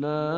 لا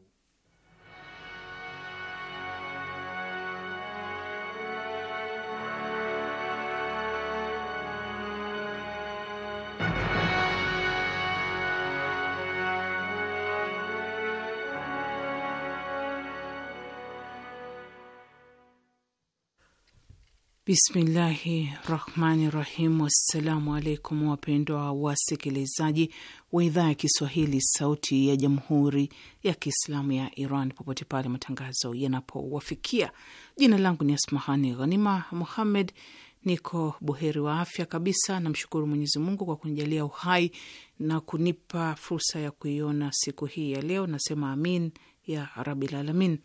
Bismillahi rahmani rahim. Wassalamu alaikum wapendwa wasikilizaji wa idhaa ya Kiswahili sauti ya jamhuri ya Kiislamu ya Iran popote pale matangazo yanapowafikia. Jina langu ni Asmahani Ghanima Muhammed, niko buheri wa afya kabisa. Namshukuru Mwenyezi Mungu kwa kunijalia uhai na kunipa fursa ya kuiona siku hii ya leo. Nasema amin ya rabilalamin alamin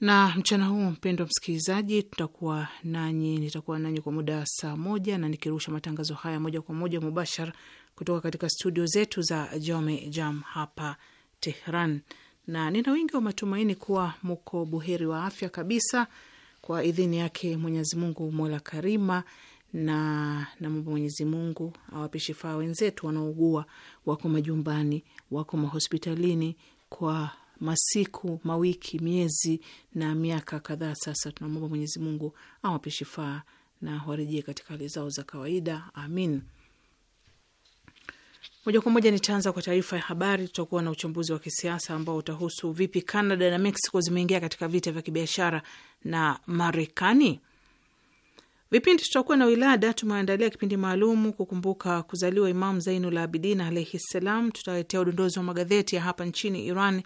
na mchana huu, mpendwa msikilizaji, tutakuwa nanyi, nitakuwa nanyi kwa muda wa saa moja na nikirusha matangazo haya moja kwa moja mubashar kutoka katika studio zetu za Jome Jam hapa Tehran, na nina wingi wa matumaini kuwa muko buheri wa afya kabisa kwa idhini yake Mwenyezi Mungu mola karima, na namomba Mwenyezi Mungu awape shifaa wenzetu wanaougua, wako majumbani, wako mahospitalini kwa masiku, mawiki, miezi na miaka kadhaa sasa. Tunamwomba Mwenyezi Mungu awape shifaa na warejee katika hali zao za kawaida, amin. Moja kwa moja nitaanza kwa taarifa ya habari. Tutakuwa na uchambuzi wa kisiasa ambao utahusu vipi Canada na Mexico zimeingia katika vita vya kibiashara na Marekani. Vipindi tutakuwa na wilada, tumeandalia kipindi maalum kukumbuka kuzaliwa Imam Zainul Abidin alaihi ssalam. Tutaletea udondozi wa magazeti ya hapa nchini Iran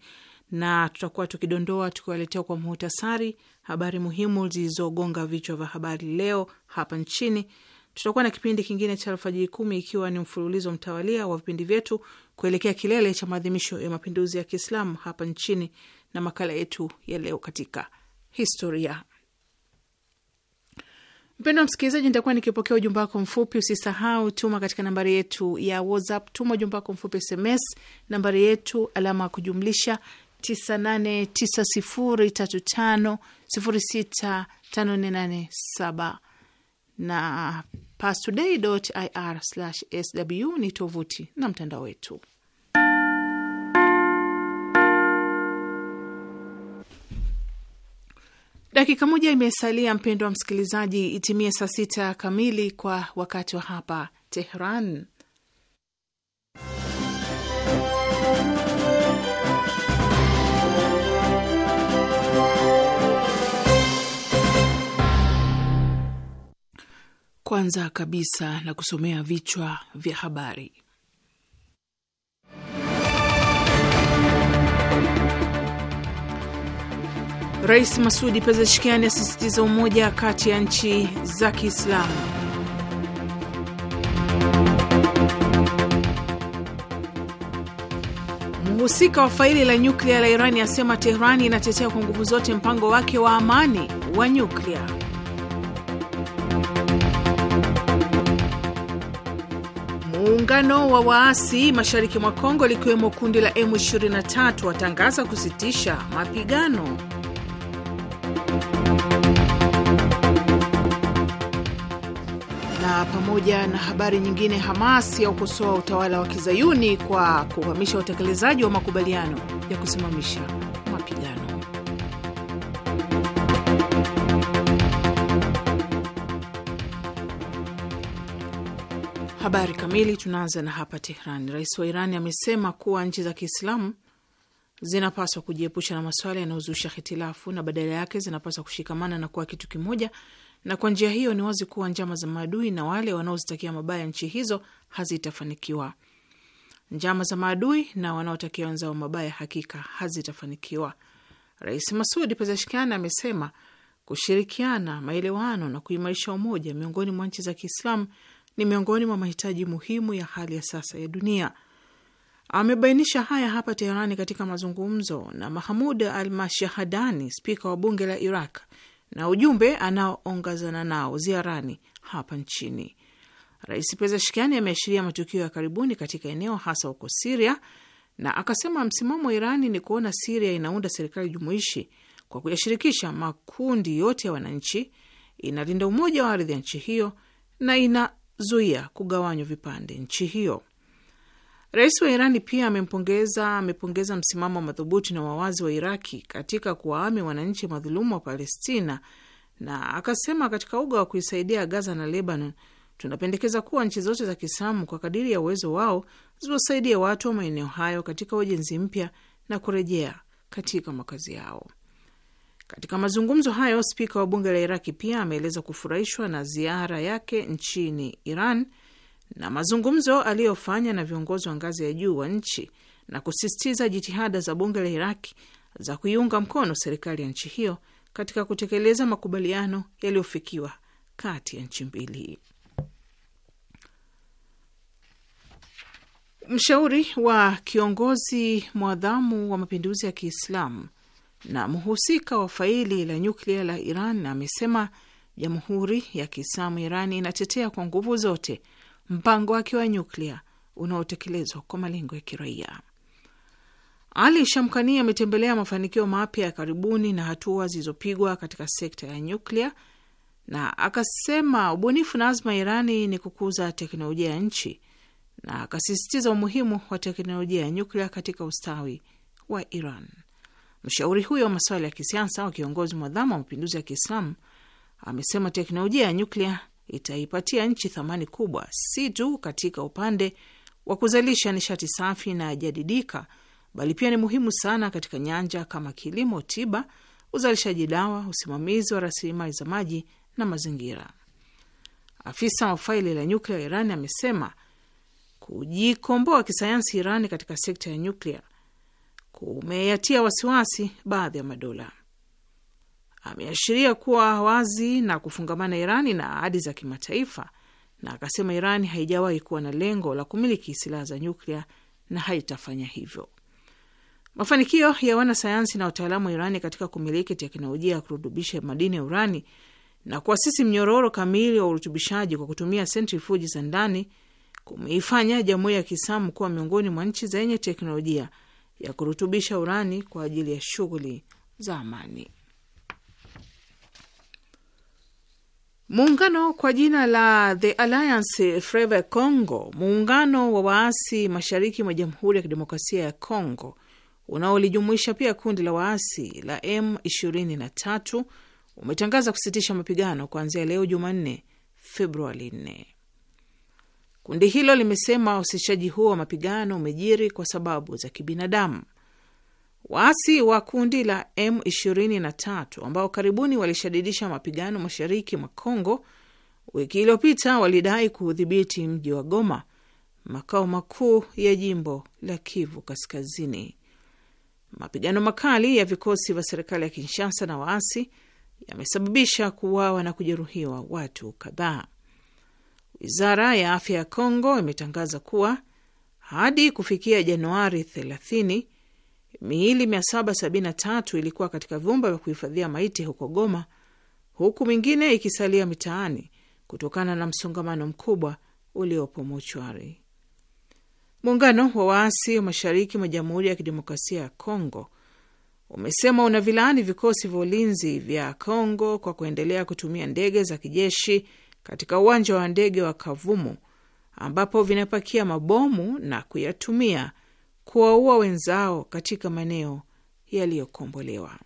na tutakuwa tukidondoa tukiwaletea kwa muhtasari habari muhimu zilizogonga vichwa vya habari leo hapa nchini. Tutakuwa na kipindi kingine cha alfajiri kumi ikiwa ni mfululizo mtawalia wa vipindi vyetu kuelekea kilele cha maadhimisho ya mapinduzi ya Kiislamu hapa nchini na makala yetu ya leo katika historia. Mpendo wa msikilizaji, nitakuwa nikipokea ujumbe wako mfupi. Usisahau tuma katika nambari yetu ya WhatsApp, tuma ujumbe wako mfupi SMS, nambari yetu alama ya kujumlisha 989035065487 na pastoday.ir/sw ni tovuti na mtandao wetu. Dakika moja imesalia, mpendo wa msikilizaji, itimie saa sita kamili kwa wakati wa hapa Tehran Kwanza kabisa na kusomea vichwa vya habari. Rais Masudi Pezeshkiani asisitiza umoja kati ya nchi za Kiislamu. Mhusika wa faili la nyuklia la Irani asema Teherani inatetea kwa nguvu zote mpango wake wa amani wa nyuklia. Muungano wa waasi mashariki mwa Kongo likiwemo kundi la M23 watangaza kusitisha mapigano. Na pamoja na habari nyingine, Hamas ya ukosoa utawala wa Kizayuni kwa kuhamisha utekelezaji wa makubaliano ya kusimamisha Habari kamili tunaanza na hapa Tehran. Rais wa iran amesema kuwa nchi za Kiislamu zinapaswa kujiepusha na maswala yanayozusha hitilafu na badala yake zinapaswa kushikamana na kuwa kitu kimoja, na kwa njia hiyo ni wazi kuwa njama za maadui na wale wanaozitakia mabaya nchi hizo hazitafanikiwa. Njama za maadui na wanaotakia wenzao mabaya hakika hazitafanikiwa. Rais Masud Pezeshkian amesema kushirikiana, maelewano na kuimarisha umoja miongoni mwa nchi za Kiislamu ni miongoni mwa mahitaji muhimu ya hali ya sasa ya dunia. Amebainisha haya hapa Teherani katika mazungumzo na Mahmud Al Mashahadani, spika wa bunge la Iraq, na ujumbe anaoongozana nao ziarani hapa nchini. Rais Pezeshkiani ameashiria matukio ya karibuni katika eneo hasa huko Siria na akasema msimamo wa Irani ni kuona Siria inaunda serikali jumuishi kwa kuyashirikisha makundi yote ya wananchi, inalinda umoja wa ardhi ya nchi hiyo na ina kuzuia kugawanywa vipande nchi hiyo. Rais wa Irani pia amempongeza amepongeza msimamo wa madhubuti na wawazi wa Iraki katika kuwaami wananchi madhulumu wa Palestina, na akasema katika uga wa kuisaidia Gaza na Lebanon, tunapendekeza kuwa nchi zote za Kiislamu kwa kadiri ya uwezo wao ziwasaidia watu wa maeneo hayo katika ujenzi mpya na kurejea katika makazi yao. Katika mazungumzo hayo, spika wa bunge la Iraki pia ameeleza kufurahishwa na ziara yake nchini Iran na mazungumzo aliyofanya na viongozi wa ngazi ya juu wa nchi na kusisitiza jitihada za bunge la Iraki za kuiunga mkono serikali ya nchi hiyo katika kutekeleza makubaliano yaliyofikiwa kati ya nchi mbili. Mshauri wa kiongozi mwadhamu wa mapinduzi ya Kiislamu na mhusika wa faili la nyuklia la Iran amesema Jamhuri ya Kiislamu Iran inatetea kwa nguvu zote mpango wake wa nyuklia unaotekelezwa kwa malengo ya kiraia. Ali Shamkani ametembelea mafanikio mapya ya karibuni na hatua zilizopigwa katika sekta ya nyuklia na akasema ubunifu na azma ya Irani ni kukuza teknolojia ya nchi na akasisitiza umuhimu wa teknolojia ya nyuklia katika ustawi wa Iran. Mshauri huyo wa masuala ya kisiasa wa kiongozi mwadhamu wa mapinduzi ya Kiislamu amesema teknolojia ya nyuklia itaipatia nchi thamani kubwa, si tu katika upande wa kuzalisha nishati safi na jadidika, bali pia ni muhimu sana katika nyanja kama kilimo, tiba, uzalishaji dawa, usimamizi wa rasilimali za maji na mazingira. Afisa wa faili la nyuklia wa Iran amesema kujikomboa kisayansi Iran katika sekta ya nyuklia kumeyatia wasiwasi baadhi ya madola. Ameashiria kuwa wazi na kufungamana Irani na ahadi za kimataifa, na akasema Irani haijawahi kuwa na lengo la kumiliki silaha za nyuklia na haitafanya hivyo. Mafanikio ya wanasayansi na wataalamu wa Irani katika kumiliki teknolojia ya kurutubisha madini ya urani na kuasisi mnyororo kamili wa urutubishaji kwa kutumia sentrifuji za ndani kumeifanya Jamhuri ya Kiislamu kuwa miongoni mwa nchi zenye teknolojia ya kurutubisha urani kwa ajili ya shughuli za amani. Muungano kwa jina la The Alliance Fleuve Congo, muungano wa waasi mashariki mwa Jamhuri ya Kidemokrasia ya Congo unaolijumuisha pia kundi la waasi la M23 umetangaza kusitisha mapigano kuanzia leo Jumanne, Februari 4. Kundi hilo limesema usitishaji huo wa mapigano umejiri kwa sababu za kibinadamu. Waasi wa kundi la M23 ambao karibuni walishadidisha mapigano mashariki mwa Kongo wiki iliyopita walidai kuudhibiti mji wa Goma, makao makuu ya jimbo la Kivu Kaskazini. Mapigano makali ya vikosi vya serikali ya Kinshasa na waasi yamesababisha kuuawa na kujeruhiwa watu kadhaa. Wizara ya afya ya congo imetangaza kuwa hadi kufikia Januari 30 miili 773 ilikuwa katika vyumba vya kuhifadhia maiti huko Goma, huku mingine ikisalia mitaani kutokana na msongamano mkubwa uliopo mochwari. Muungano wa waasi wa mashariki mwa Jamhuri ya Kidemokrasia ya congo umesema una vilaani vikosi vya ulinzi vya congo kwa kuendelea kutumia ndege za kijeshi katika uwanja wa ndege wa Kavumu ambapo vinapakia mabomu na kuyatumia kuwaua wenzao katika maeneo yaliyokombolewa.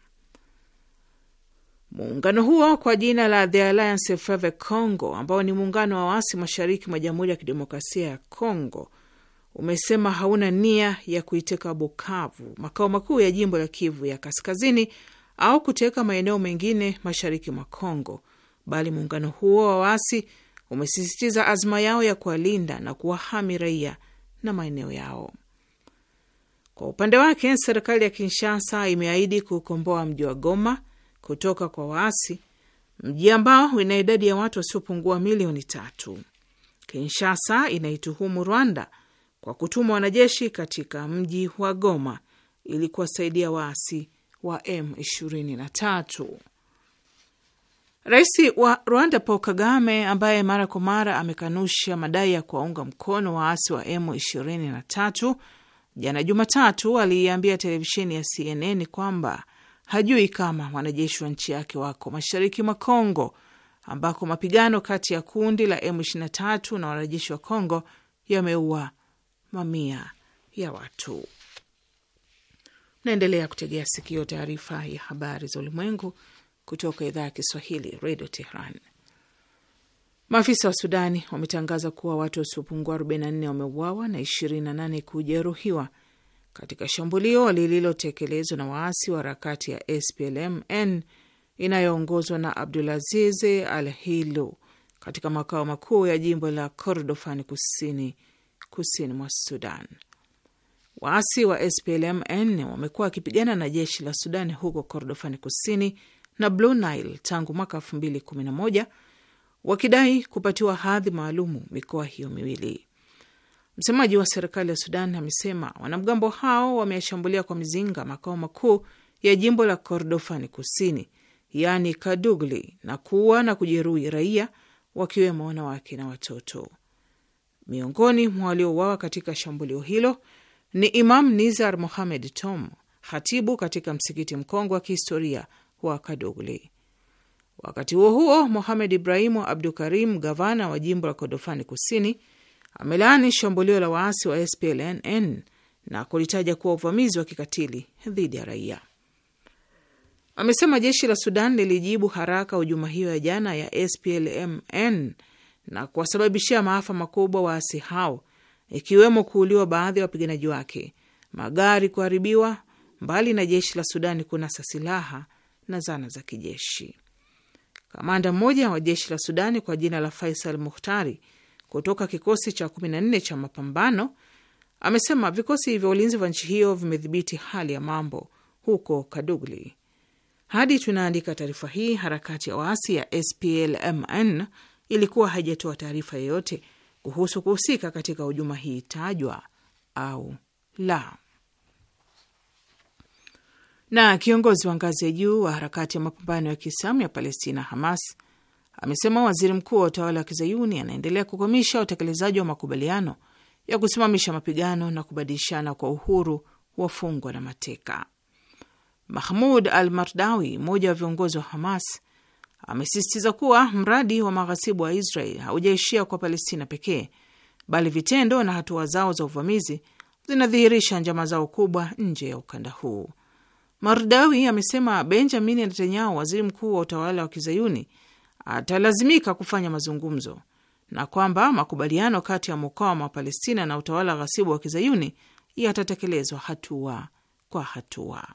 Muungano huo kwa jina la The Alliance Fleuve Congo, ambao ni muungano wa waasi mashariki mwa Jamhuri ya Kidemokrasia ya Congo, umesema hauna nia ya kuiteka Bukavu, makao makuu ya jimbo la Kivu ya Kaskazini, au kuteka maeneo mengine mashariki mwa Congo, bali muungano huo wa waasi umesisitiza azma yao ya kuwalinda na kuwahami raia na maeneo yao. Kwa upande wake, serikali ya Kinshasa imeahidi kukomboa mji wa Goma kutoka kwa waasi, mji ambao ina idadi ya watu wasiopungua milioni tatu. Kinshasa inaituhumu Rwanda kwa kutuma wanajeshi katika mji wa Goma ili kuwasaidia waasi wa M23. Rais wa Rwanda Paul Kagame, ambaye mara kwa mara amekanusha madai ya kuwaunga mkono waasi wa M23, jana Jumatatu aliiambia televisheni ya CNN kwamba hajui kama wanajeshi wa nchi yake wako mashariki mwa Kongo, ambako mapigano kati ya kundi la M23 na wanajeshi wa Kongo yameua mamia ya watu. Naendelea kutegea sikio taarifa ya habari za ulimwengu kutoka idhaa ya Kiswahili redio Tehran. Maafisa wa Sudani wametangaza kuwa watu wasiopungua 44 wameuawa na 28 kujeruhiwa katika shambulio lililotekelezwa na waasi wa harakati ya SPLMN inayoongozwa na Abdulaziz Al hilu katika makao makuu ya jimbo la Kordofan kusini kusini mwa Sudan. Waasi wa SPLMN wamekuwa wakipigana na jeshi la sudani huko Kordofan kusini na Blue Nile tangu mwaka 2011 wakidai kupatiwa hadhi maalumu mikoa hiyo miwili. Msemaji wa serikali ya Sudan amesema wanamgambo hao wameashambulia kwa mizinga makao makuu ya jimbo la Kordofani Kusini, yaani Kadugli, na kuua na kujeruhi raia wakiwemo wanawake na watoto. Miongoni mwa waliouawa katika shambulio hilo ni Imam Nizar Mohamed Tom, hatibu katika msikiti mkongwe wa kihistoria wa Kadogli. Wakati huo huo, Mohamed Ibrahimu Abdu Karim, gavana wa jimbo la Kordofani Kusini, amelaani shambulio la waasi wa SPLNN na kulitaja kuwa uvamizi wa kikatili dhidi ya raia. Amesema jeshi la Sudan lilijibu haraka hujuma hiyo ya jana ya SPLMN na kuwasababishia maafa makubwa waasi hao, ikiwemo kuuliwa baadhi ya wapiganaji wake, magari kuharibiwa, mbali na jeshi la Sudani kunasa silaha na zana za kijeshi. Kamanda mmoja wa jeshi la Sudani kwa jina la Faisal Mukhtari kutoka kikosi cha 14 cha mapambano amesema vikosi vya ulinzi vya nchi hiyo vimedhibiti hali ya mambo huko Kadugli. Hadi tunaandika taarifa hii, harakati ya waasi ya SPLMN ilikuwa haijatoa taarifa yoyote kuhusu kuhusika katika hujuma hii tajwa au la. Na kiongozi wa ngazi ya juu wa harakati ya mapambano ya Kiislamu ya Palestina, Hamas, amesema waziri mkuu wa utawala wa kizayuni anaendelea kukomisha utekelezaji wa makubaliano ya kusimamisha mapigano na kubadilishana kwa uhuru wafungwa na mateka. Mahmud al Mardawi, mmoja wa viongozi wa Hamas, amesisitiza kuwa mradi wa maghasibu wa Israel haujaishia kwa Palestina pekee, bali vitendo na hatua zao za uvamizi zinadhihirisha njama zao kubwa nje ya ukanda huu. Mardawi amesema Benjamin Netanyahu, waziri mkuu wa utawala wa kizayuni, atalazimika kufanya mazungumzo na kwamba makubaliano kati ya mukawama wa Palestina na utawala ghasibu wa kizayuni yatatekelezwa hatua kwa hatua.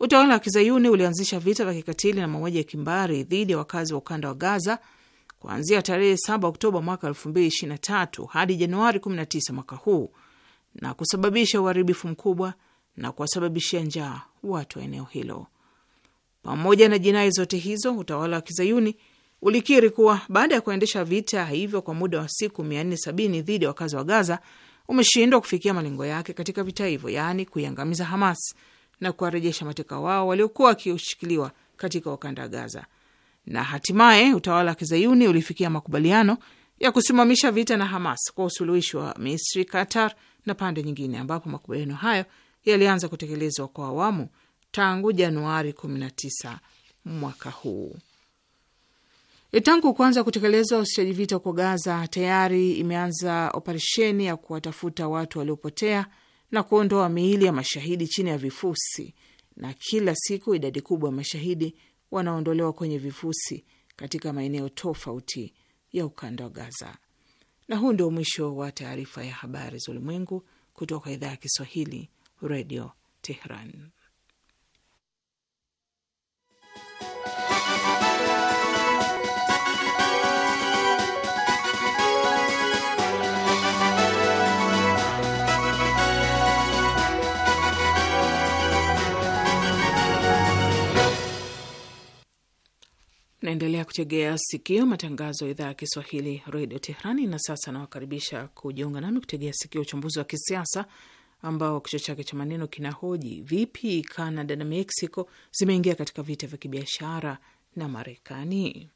Utawala wa kizayuni ulianzisha vita vya kikatili na mauaji ya kimbari dhidi ya wakazi wa ukanda wa Gaza kuanzia tarehe 7 Oktoba mwaka 2023 hadi Januari 19 mwaka huu na kusababisha uharibifu mkubwa na kuwasababishia njaa watu wa eneo hilo. Pamoja na jinai zote hizo, utawala wa kizayuni ulikiri kuwa baada ya kuendesha vita hivyo kwa muda wa siku 470 dhidi ya wakazi wa Gaza umeshindwa kufikia malengo yake katika vita hivyo, yaani kuiangamiza Hamas na kuwarejesha mateka wao waliokuwa wakishikiliwa katika ukanda wa Gaza. Na hatimaye utawala wa kizayuni ulifikia makubaliano ya kusimamisha vita na Hamas kwa usuluhishi wa Misri, Qatar na pande nyingine, ambapo makubaliano hayo yalianza kutekelezwa kwa awamu tangu Januari 19 mwaka huu. E, tangu kuanza kutekelezwa usitishaji vita huko Gaza, tayari imeanza operesheni ya kuwatafuta watu waliopotea na kuondoa miili ya mashahidi chini ya vifusi, na kila siku idadi kubwa ya mashahidi wanaondolewa kwenye vifusi katika maeneo tofauti ya ukanda wa Gaza. Na huu ndio mwisho wa taarifa ya habari za ulimwengu kutoka idhaa ya Kiswahili, Redio Tehran. Naendelea kutegea sikio matangazo ya idhaa ya Kiswahili redio Tehrani. Na sasa nawakaribisha kujiunga nami kutegea sikio uchambuzi wa kisiasa ambao kichwa chake cha maneno kinahoji vipi Canada na Mexico zimeingia katika vita vya kibiashara na Marekani.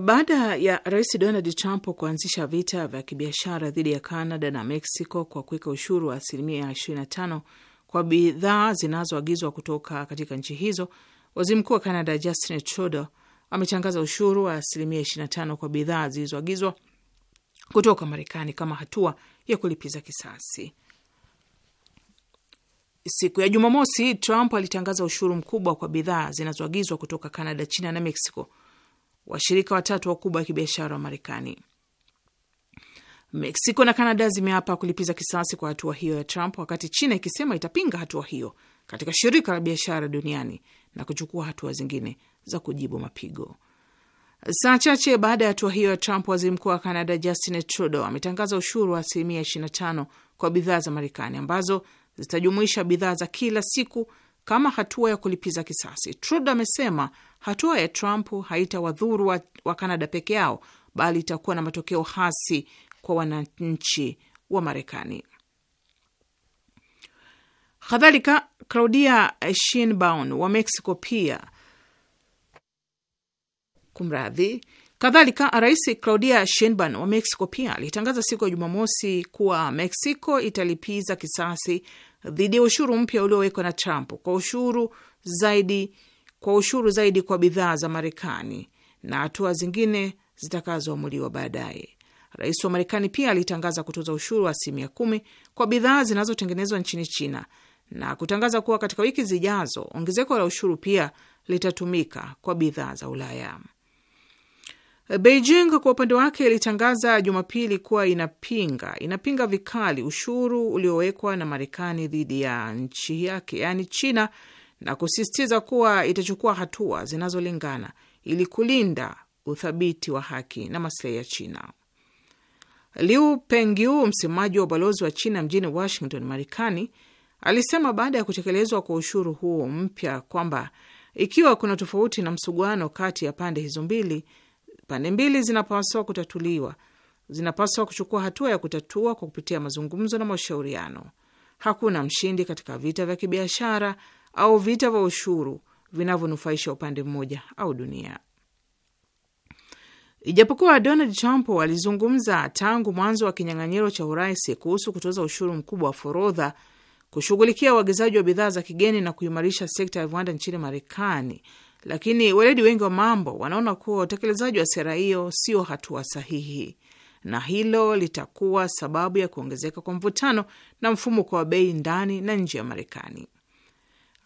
Baada ya rais Donald Trump kuanzisha vita vya kibiashara dhidi ya Canada na Mexico kwa kuweka ushuru wa asilimia 25 kwa bidhaa zinazoagizwa kutoka katika nchi hizo, waziri mkuu wa Canada Justin Trudeau ametangaza ushuru wa asilimia 25 kwa bidhaa zilizoagizwa kutoka Marekani kama hatua ya kulipiza kisasi. Siku ya Jumamosi, Trump alitangaza ushuru mkubwa kwa bidhaa zinazoagizwa kutoka Canada, China na Mexico, washirika watatu wakubwa wa kibiashara wa Marekani. Mexico na Canada zimeapa kulipiza kisasi kwa hatua hiyo ya Trump, wakati China ikisema itapinga hatua hiyo katika shirika la biashara duniani na kuchukua hatua zingine za kujibu mapigo. Saa chache baada ya hatua hiyo ya Trump, waziri mkuu wa Canada Justin Trudeau ametangaza ushuru wa asilimia 25 kwa bidhaa za Marekani ambazo zitajumuisha bidhaa za kila siku kama hatua ya kulipiza kisasi. Trudeau amesema hatua ya Trump haitawadhuru wa canada peke yao, bali itakuwa na matokeo hasi kwa wananchi wa Marekani. Kadhalika, Claudia Sheinbaum wa Mexico pia kumradhi Kadhalika, Rais Claudia Sheinbaum wa Mexico pia alitangaza siku ya Jumamosi kuwa Mexico italipiza kisasi dhidi ya ushuru mpya uliowekwa na Trump kwa ushuru zaidi kwa ushuru zaidi kwa bidhaa za Marekani na hatua zingine zitakazoamuliwa baadaye. Rais wa Marekani pia alitangaza kutoza ushuru wa asilimia kumi kwa bidhaa zinazotengenezwa nchini China na kutangaza kuwa katika wiki zijazo ongezeko la ushuru pia litatumika kwa bidhaa za Ulaya. Beijing kwa upande wake ilitangaza Jumapili kuwa inapinga inapinga vikali ushuru uliowekwa na Marekani dhidi ya nchi yake yaani China na kusisitiza kuwa itachukua hatua zinazolingana ili kulinda uthabiti wa haki na maslahi ya China. Liu Pengyu, msemaji wa ubalozi wa China mjini Washington, Marekani, alisema baada ya kutekelezwa kwa ushuru huo mpya kwamba ikiwa kuna tofauti na msuguano kati ya pande hizo mbili, pande mbili zinapaswa kutatuliwa, zinapaswa kuchukua hatua ya kutatua kwa kupitia mazungumzo na mashauriano. Hakuna mshindi katika vita vya kibiashara au vita vya ushuru vinavyonufaisha upande mmoja au dunia. Ijapokuwa Donald Trump alizungumza tangu mwanzo wa kinyang'anyiro cha urais kuhusu kutoza ushuru mkubwa wa forodha, kushughulikia uagizaji wa bidhaa za kigeni na kuimarisha sekta ya viwanda nchini Marekani, lakini weledi wengi wa mambo wanaona kuwa utekelezaji wa sera hiyo sio hatua sahihi, na hilo litakuwa sababu ya kuongezeka kwa mvutano na mfumuko wa bei ndani na nje ya Marekani.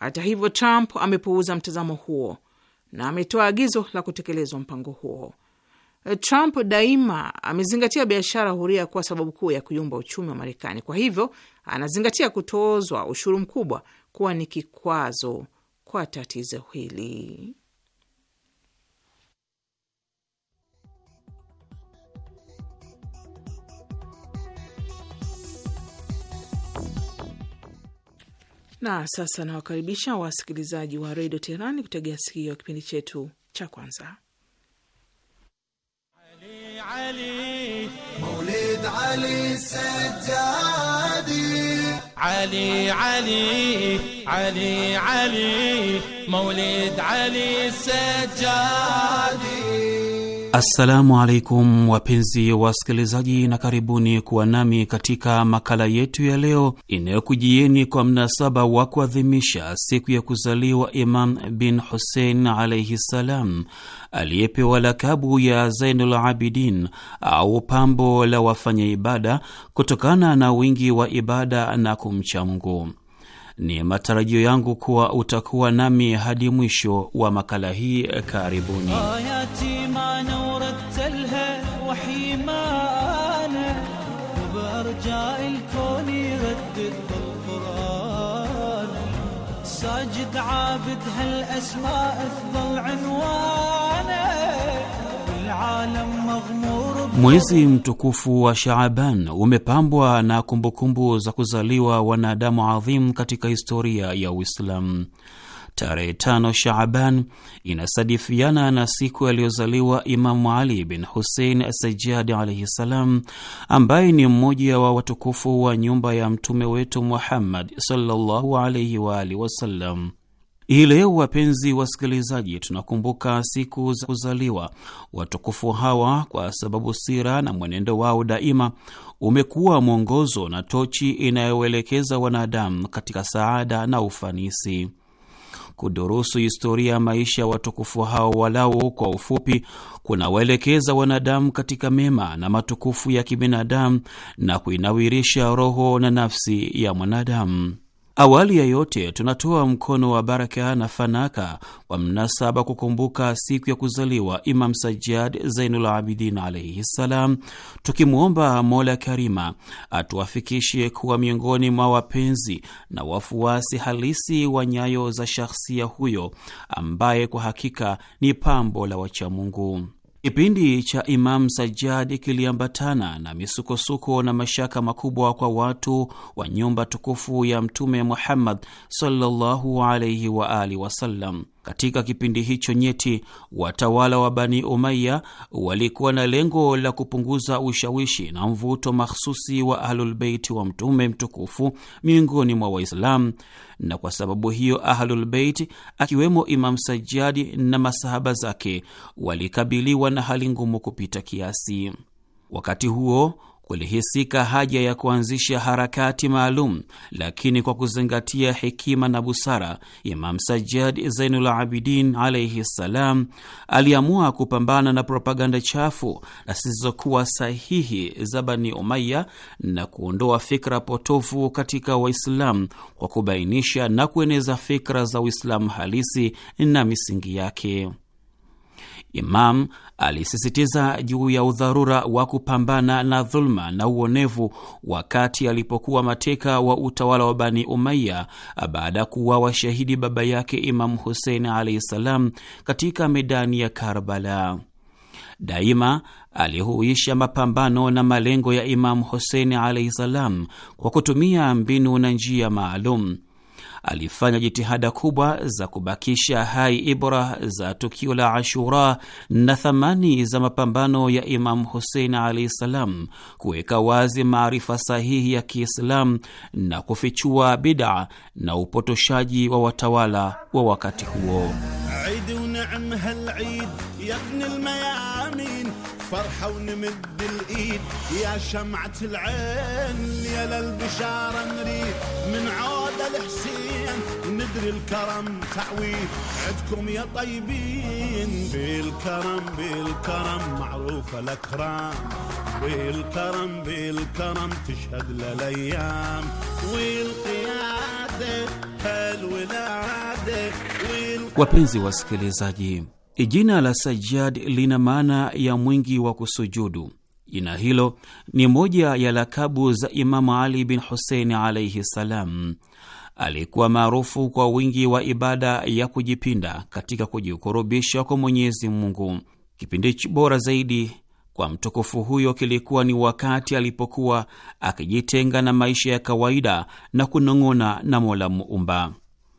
Hata hivyo, Trump amepuuza mtazamo huo na ametoa agizo la kutekelezwa mpango huo. Eh, Trump daima amezingatia biashara huria kuwa sababu kuu ya kuyumba uchumi wa Marekani. Kwa hivyo anazingatia kutozwa ushuru mkubwa kuwa ni kikwazo kwa tatizo hili. Na sasa nawakaribisha wasikilizaji wa redio Teherani kutegea sikio kipindi chetu cha kwanza علي مولد علي سجادي علي علي علي علي مولد علي سجادي Assalamu alaikum wapenzi wasikilizaji, na karibuni kuwa nami katika makala yetu ya leo inayokujieni kwa mnasaba wa kuadhimisha siku ya kuzaliwa Imam bin Hussein alaihi ssalam, aliyepewa lakabu ya Zainul Abidin au pambo la wafanya ibada kutokana na wingi wa ibada na kumcha Mungu. Ni matarajio yangu kuwa utakuwa nami hadi mwisho wa makala hii. Karibuni. ثابت هالاسماء افضل عنوانه والعالم مغمور Mwezi mtukufu wa Shaaban umepambwa na kumbukumbu kumbu za kuzaliwa wanadamu adhimu katika historia ya Uislamu. Tarehe tano Shaaban inasadifiana na siku aliyozaliwa Imamu Ali bin Husein Asajadi alaihi ssalam, ambaye ni mmoja wa watukufu wa nyumba ya mtume wetu Muhammad sallallahu alaihi waalihi wasallam. Hii leo wapenzi wasikilizaji, tunakumbuka siku za kuzaliwa watukufu hawa, kwa sababu sira na mwenendo wao daima umekuwa mwongozo na tochi inayoelekeza wanadamu katika saada na ufanisi. Kudurusu historia ya maisha ya watukufu hao walau kwa ufupi, kunawaelekeza wanadamu katika mema na matukufu ya kibinadamu na kuinawirisha roho na nafsi ya mwanadamu. Awali ya yote tunatoa mkono wa baraka na fanaka kwa mnasaba kukumbuka siku ya kuzaliwa Imam Sajjad Zainul Abidin alaihi ssalam, tukimwomba Mola Karima atuafikishe kuwa miongoni mwa wapenzi na wafuasi halisi wa nyayo za shakhsia huyo ambaye kwa hakika ni pambo la wachamungu. Kipindi cha Imam Sajjad kiliambatana na misukosuko na mashaka makubwa kwa watu wa nyumba tukufu ya Mtume Muhammad sallallahu alaihi wa alihi wasallam. Katika kipindi hicho nyeti, watawala wa Bani Umaya walikuwa na lengo la kupunguza ushawishi na mvuto makhususi wa Ahlulbeiti wa Mtume mtukufu miongoni mwa Waislamu, na kwa sababu hiyo Ahlulbeiti akiwemo Imam Sajjadi na masahaba zake walikabiliwa na hali ngumu kupita kiasi. Wakati huo kulihisika haja ya kuanzisha harakati maalum, lakini kwa kuzingatia hekima na busara, Imam Sajjad Zainul Abidin alaihi ssalam aliamua kupambana na propaganda chafu na zisizokuwa sahihi za Bani Umaya na kuondoa fikra potofu katika Waislamu kwa kubainisha na kueneza fikra za Uislamu halisi na misingi yake. Imam alisisitiza juu ya udharura wa kupambana na dhuluma na uonevu wakati alipokuwa mateka wa utawala wa Bani Umaya baada ya kuuawa shahidi baba yake Imamu Husein alaihi ssalam katika medani ya Karbala. Daima alihuisha mapambano na malengo ya Imamu Husein alaihi ssalam kwa kutumia mbinu na njia maalum alifanya jitihada kubwa za kubakisha hai ibra za tukio la Ashura na thamani za mapambano ya Imamu Husein alahi salam, kuweka wazi maarifa sahihi ya Kiislamu na kufichua bidaa na upotoshaji wa watawala wa wakati huo. Farha ya shamat ya min الحسين ندري الكرم عدكم يا طيبين بالكرم بالكرم معروف الاكرام بالكرم بالكرم تشهد للايام والقياده هالولاده wapenzi wasikilizaji jina la sajad lina maana ya mwingi wa kusujudu Jina hilo ni moja ya lakabu za Imamu Ali bin Husein alaihi salam alikuwa maarufu kwa wingi wa ibada ya kujipinda katika kujikurubisha kwa Mwenyezi Mungu. Kipindi bora zaidi kwa mtukufu huyo kilikuwa ni wakati alipokuwa akijitenga na maisha ya kawaida na kunong'ona na Mola Muumba.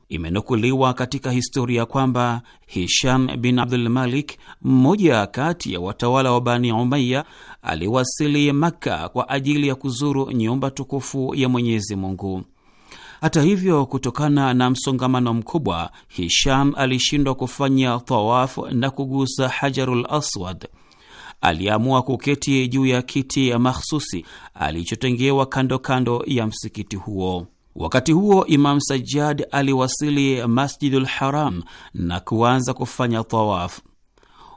Imenukuliwa katika historia kwamba Hisham bin Abdul Malik, mmoja kati ya watawala wa Bani Umaya, aliwasili Makka kwa ajili ya kuzuru nyumba tukufu ya Mwenyezi Mungu. Hata hivyo, kutokana na msongamano mkubwa, Hisham alishindwa kufanya tawaf na kugusa Hajarul Aswad. Aliamua kuketi juu ya kiti ya makhsusi alichotengewa kando kando ya msikiti huo. Wakati huo Imam Sajjad aliwasili Masjidul Haram na kuanza kufanya tawaf.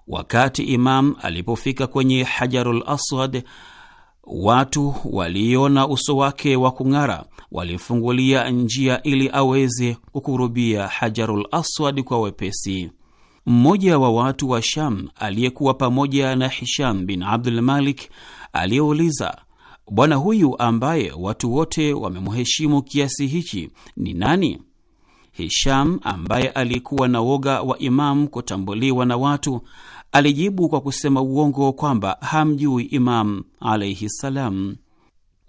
Wakati Imam alipofika kwenye Hajarul Aswad, watu waliona uso wake wa kung'ara walimfungulia njia ili aweze kukurubia Hajarul Aswad kwa wepesi. Mmoja wa watu wa Sham aliyekuwa pamoja na Hisham bin Abdul Malik aliyeuliza, bwana huyu ambaye watu wote wamemheshimu kiasi hichi ni nani? Hisham ambaye alikuwa na woga wa Imamu kutambuliwa na watu alijibu kwa kusema uongo kwamba hamjui Imamu alaihi salam.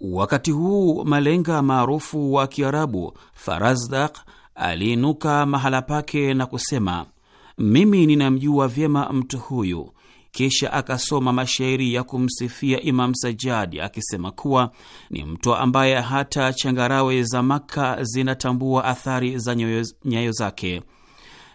Wakati huu malenga maarufu wa Kiarabu Farazdak aliinuka mahala pake na kusema, mimi ninamjua vyema mtu huyu. Kisha akasoma mashairi ya kumsifia Imam Sajadi akisema kuwa ni mtu ambaye hata changarawe za makka zinatambua athari za nyayo, nyayo zake.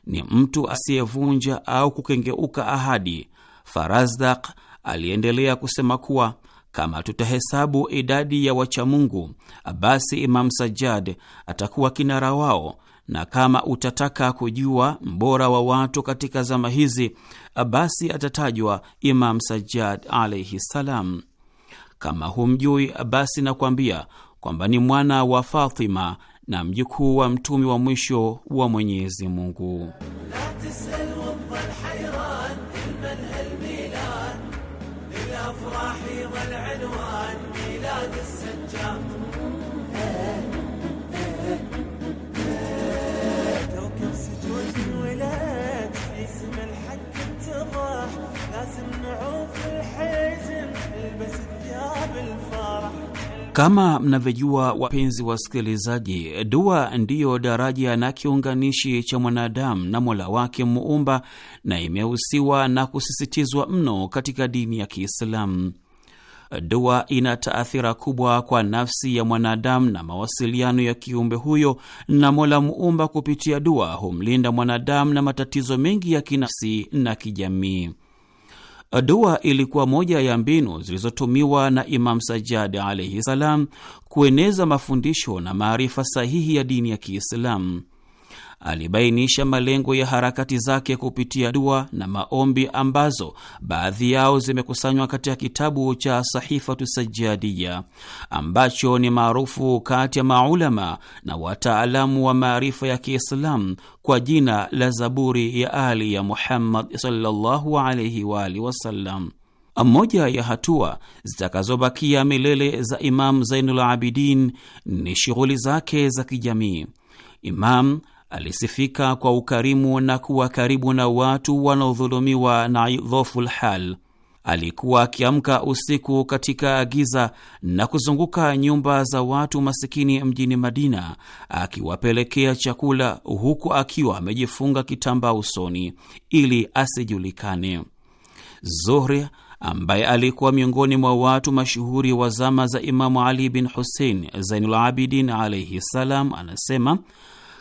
Ni mtu asiyevunja au kukengeuka ahadi. Farazdak aliendelea kusema kuwa kama tutahesabu idadi ya wachamungu, basi Imam Sajjad atakuwa kinara wao, na kama utataka kujua mbora wa watu katika zama hizi, basi atatajwa Imam Sajjad alaihi salam. Kama humjui, basi nakwambia kwamba ni mwana wa Fatima na mjukuu wa mtumi wa mwisho wa Mwenyezi Mungu. Kama mnavyojua wapenzi wasikilizaji, dua ndiyo daraja na kiunganishi cha mwanadamu na mola wake Muumba, na imehusiwa na kusisitizwa mno katika dini ya Kiislamu. Dua ina taathira kubwa kwa nafsi ya mwanadamu na mawasiliano ya kiumbe huyo na mola Muumba. Kupitia dua humlinda mwanadamu na matatizo mengi ya kinafsi na kijamii. Dua ilikuwa moja ya mbinu zilizotumiwa na Imam Sajjad alaihi salam kueneza mafundisho na maarifa sahihi ya dini ya Kiislamu. Alibainisha malengo ya harakati zake kupitia dua na maombi ambazo baadhi yao zimekusanywa katika kitabu cha Sahifatu Sajjadia ambacho ni maarufu kati ya maulama na wataalamu wa maarifa ya Kiislamu kwa jina la Zaburi ya Ali ya Muhammad sallallahu alaihi wa alihi wasallam. Moja ya hatua zitakazobakia milele za Imam Zainul Abidin ni shughuli zake za kijamii. Imam alisifika kwa ukarimu na kuwa karibu na watu wanaodhulumiwa na idhoful hal. Alikuwa akiamka usiku katika giza na kuzunguka nyumba za watu masikini mjini Madina akiwapelekea chakula, huku akiwa amejifunga kitambaa usoni ili asijulikane. Zuhri ambaye alikuwa miongoni mwa watu mashuhuri wa zama za Imamu Ali bin Husein Zainul Abidin alaihi salam, anasema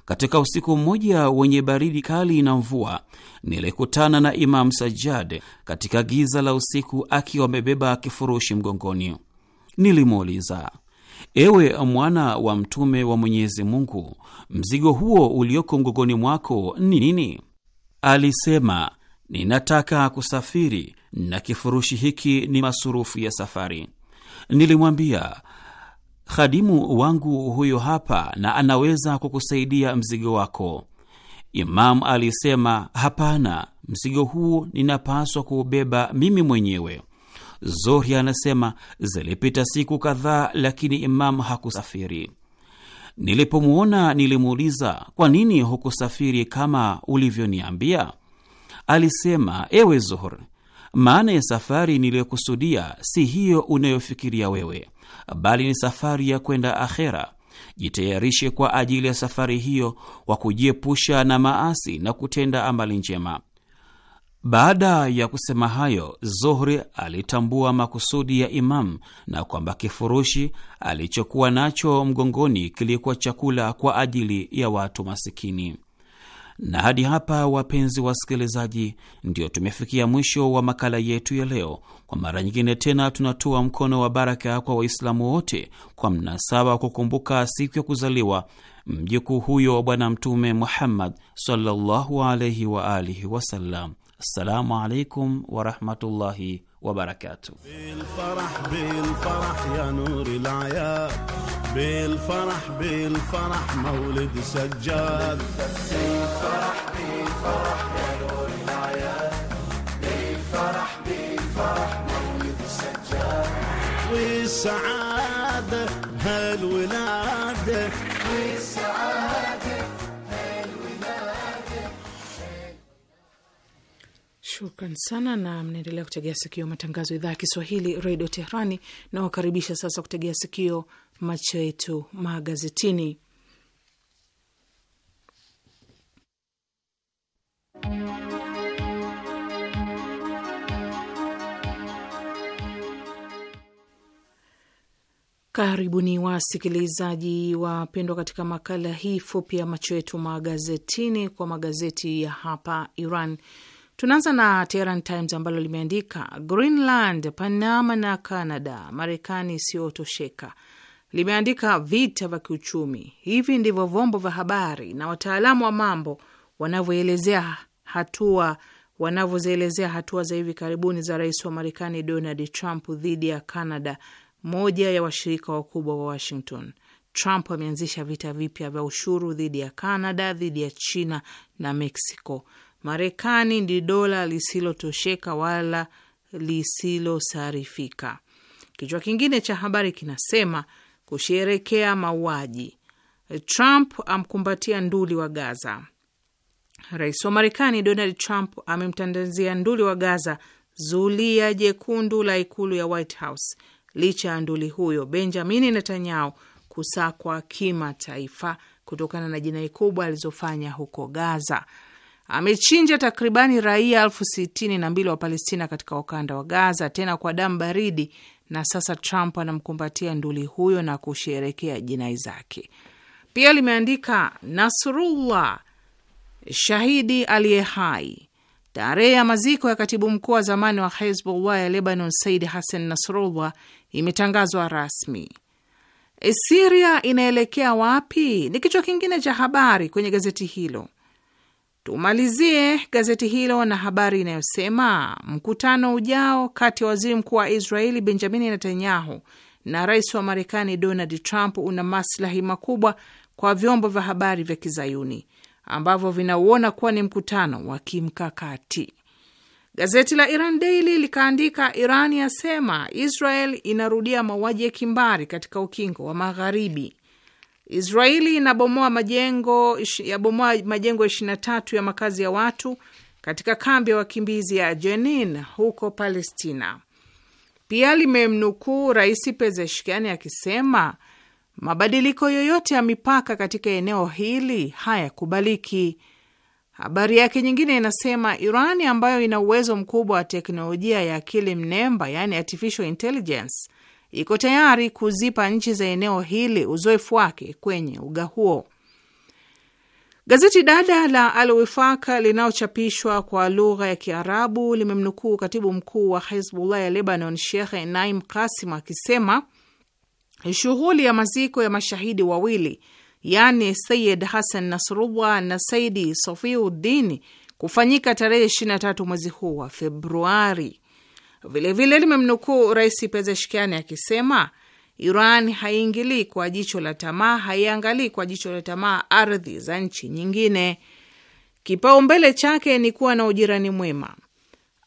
katika usiku mmoja wenye baridi kali na mvua, nilikutana na Imam Sajjad katika giza la usiku akiwa amebeba kifurushi mgongoni. Nilimuuliza, ewe mwana wa mtume wa Mwenyezi Mungu, mzigo huo ulioko mgongoni mwako ni nini? Alisema, ninataka kusafiri na kifurushi hiki ni masurufu ya safari. Nilimwambia, khadimu wangu huyo hapa na anaweza kukusaidia mzigo wako. Imamu alisema, hapana, mzigo huu ninapaswa kuubeba mimi mwenyewe. Zohri anasema zilipita siku kadhaa, lakini imamu hakusafiri. Nilipomwona nilimuuliza, kwa nini hukusafiri kama ulivyoniambia? Alisema, ewe Zohri, maana ya safari niliyokusudia si hiyo unayofikiria wewe, bali ni safari ya kwenda akhera. Jitayarishe kwa ajili ya safari hiyo kwa kujiepusha na maasi na kutenda amali njema. Baada ya kusema hayo, Zuhri alitambua makusudi ya Imamu na kwamba kifurushi alichokuwa nacho mgongoni kilikuwa chakula kwa ajili ya watu masikini. Na hadi hapa, wapenzi wasikilizaji, ndio tumefikia mwisho wa makala yetu ya leo. Kwa mara nyingine tena, tunatoa mkono wa baraka kwa Waislamu wote kwa mnasaba wa kukumbuka siku ya kuzaliwa mjukuu huyo wa Bwana Mtume Muhammad sallallahu alaihi wa alihi wasallam. Assalamu alaikum warahmatullahi وبركاته بالفرح بالفرح يا نور العيال بالفرح بالفرح مولد سجاد بالفرح بالفرح يا نور العيال بالفرح بالفرح مولد سجاد والسعادة هالولادة والسعادة Shukran sana na mnaendelea kutegea sikio matangazo ya idhaa ya Kiswahili redio Teherani. Nawakaribisha sasa kutegea sikio macho yetu magazetini. Karibuni wasikilizaji wapendwa, katika makala hii fupi ya macho yetu magazetini kwa magazeti ya hapa Iran. Tunaanza na Tehran Times ambalo limeandika Greenland, Panama na Canada, Marekani isiyotosheka. Limeandika vita vya kiuchumi. Hivi ndivyo vyombo vya habari na wataalamu wa mambo wanavyoelezea hatua wanavyozielezea hatua za hivi karibuni za rais wa Marekani Donald Trump dhidi ya Canada, moja ya washirika wakubwa wa Washington. Trump ameanzisha vita vipya vya ushuru dhidi ya Canada, dhidi ya China na Mexico. Marekani ni dola lisilotosheka wala lisilosarifika. Kichwa kingine cha habari kinasema kusherekea mauaji, Trump amkumbatia nduli wa Gaza. Rais wa Marekani Donald Trump amemtandazia nduli wa Gaza zulia jekundu la ikulu ya White House licha ya nduli huyo Benjamini Netanyahu kusakwa kimataifa kutokana na jinai kubwa alizofanya huko Gaza amechinja takribani raia elfu sitini na mbili wa Palestina katika ukanda wa Gaza, tena kwa damu baridi, na sasa Trump anamkumbatia nduli huyo na kusherekea jinai zake. Pia limeandika Nasrullah shahidi aliye hai. Tarehe ya maziko ya katibu mkuu wa zamani wa Hezbollah ya Lebanon Said Hassan Nasrullah imetangazwa rasmi. E, Siria inaelekea wapi? Ni kichwa kingine cha habari kwenye gazeti hilo. Tumalizie gazeti hilo na habari inayosema mkutano ujao kati ya waziri mkuu wa Israeli Benjamini Netanyahu na rais wa Marekani Donald Trump una maslahi makubwa kwa vyombo vya habari vya kizayuni ambavyo vinauona kuwa ni mkutano wa kimkakati. Gazeti la Iran Daily likaandika, Iran yasema Israel inarudia mauaji ya kimbari katika ukingo wa Magharibi. Israeli inabomoa majengo yabomoa majengo 23 ya makazi ya watu katika kambi ya wakimbizi ya Jenin huko Palestina. Pia limemnukuu Rais Pezeshkiani akisema mabadiliko yoyote ya mipaka katika eneo hili hayakubaliki. Habari yake nyingine inasema Irani ambayo ina uwezo mkubwa wa teknolojia ya akili mnemba, yani artificial intelligence, iko tayari kuzipa nchi za eneo hili uzoefu wake kwenye uga huo. Gazeti dada la Al Wifaka linalochapishwa kwa lugha ya Kiarabu limemnukuu katibu mkuu wa Hizbullah ya Lebanon, shekh Naim Kasim akisema shughuli ya maziko ya mashahidi wawili yaani Sayid Hassan Nasrullah na Saidi Sofiuddin kufanyika tarehe 23 mwezi huu wa Februari. Vilevile limemnukuu Rais Pezeshkiani akisema Iran haiingilii kwa jicho la tamaa, haiangalii kwa jicho la tamaa ardhi za nchi nyingine. Kipaumbele chake ni kuwa na ujirani mwema.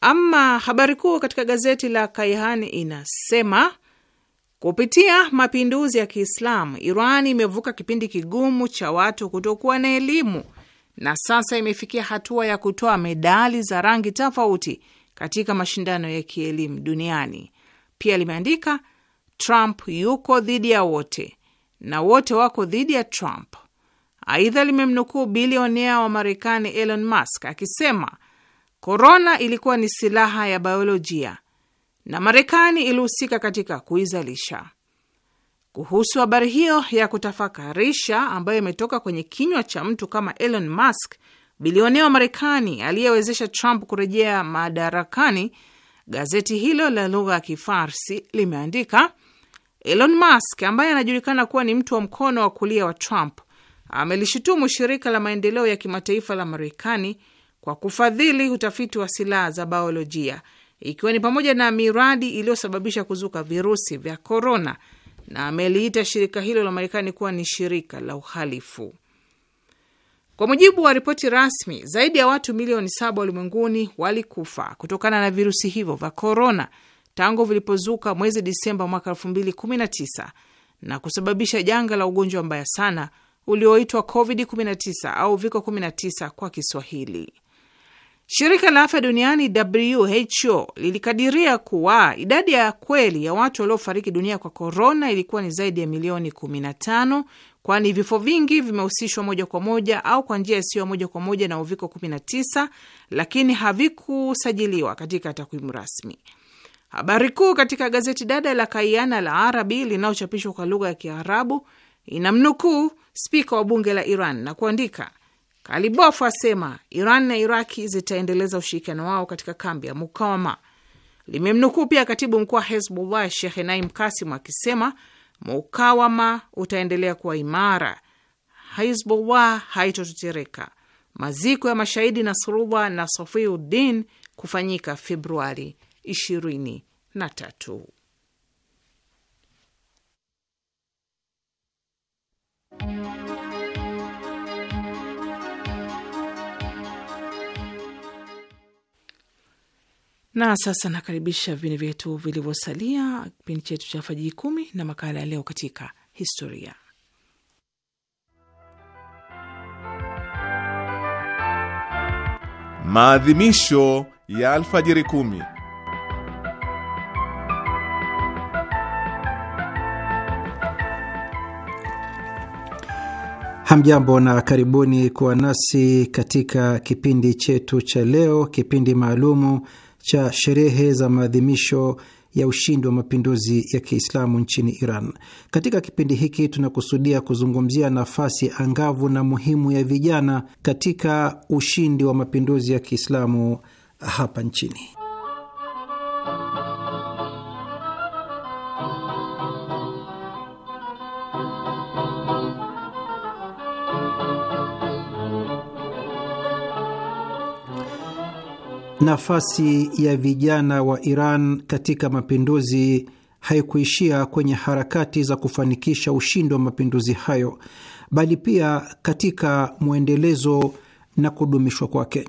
Ama habari kuu katika gazeti la Kaihan inasema kupitia mapinduzi ya Kiislamu Iran imevuka kipindi kigumu cha watu kutokuwa na elimu na sasa imefikia hatua ya kutoa medali za rangi tofauti katika mashindano ya kielimu duniani. Pia limeandika Trump yuko dhidi ya wote na wote wako dhidi ya Trump. Aidha, limemnukuu bilionea wa Marekani Elon Musk akisema korona ilikuwa ni silaha ya biolojia na Marekani ilihusika katika kuizalisha. Kuhusu habari hiyo ya kutafakarisha ambayo imetoka kwenye kinywa cha mtu kama Elon Musk bilionea wa Marekani aliyewezesha Trump kurejea madarakani, gazeti hilo la lugha ya Kifarsi limeandika Elon Musk ambaye anajulikana kuwa ni mtu wa mkono wa kulia wa Trump amelishutumu shirika la maendeleo ya kimataifa la Marekani kwa kufadhili utafiti wa silaha za biolojia ikiwa ni pamoja na miradi iliyosababisha kuzuka virusi vya korona, na ameliita shirika hilo la Marekani kuwa ni shirika la uhalifu. Kwa mujibu wa ripoti rasmi, zaidi ya watu milioni saba ulimwenguni walikufa kutokana na virusi hivyo vya korona tangu vilipozuka mwezi Disemba mwaka 2019 na kusababisha janga la ugonjwa mbaya sana ulioitwa COVID-19 au viko 19 kwa Kiswahili. Shirika la afya duniani WHO lilikadiria kuwa idadi ya kweli ya watu waliofariki dunia kwa korona ilikuwa ni zaidi ya milioni 15 kwani vifo vingi vimehusishwa moja kwa moja au kwa njia isiyo moja kwa moja na uviko 19, lakini havikusajiliwa katika takwimu rasmi. Habari kuu katika gazeti dada la Kaiana la Arabi linalochapishwa kwa lugha ya Kiarabu inamnukuu spika wa bunge la Iran na kuandika, kalibof asema Iran na Iraki zitaendeleza ushirikiano wao katika kambi ya Mukawama. Limemnukuu pia katibu mkuu wa Hezbullah Shekhe Naim Kasim akisema Mukawama utaendelea kuwa imara, Hizbullah haitotetereka. Maziko ya mashahidi Nasrullah na Safiuddin kufanyika Februari 23. Na sasa nakaribisha vipindi vyetu vilivyosalia, kipindi chetu cha fajii kumi na makala ya leo katika historia. Maadhimisho ya alfajiri kumi. Hamjambo na karibuni kuwa nasi katika kipindi chetu cha leo, kipindi maalumu cha sherehe za maadhimisho ya ushindi wa mapinduzi ya Kiislamu nchini Iran. Katika kipindi hiki tunakusudia kuzungumzia nafasi angavu na muhimu ya vijana katika ushindi wa mapinduzi ya Kiislamu hapa nchini. Nafasi ya vijana wa Iran katika mapinduzi haikuishia kwenye harakati za kufanikisha ushindi wa mapinduzi hayo, bali pia katika mwendelezo na kudumishwa kwake.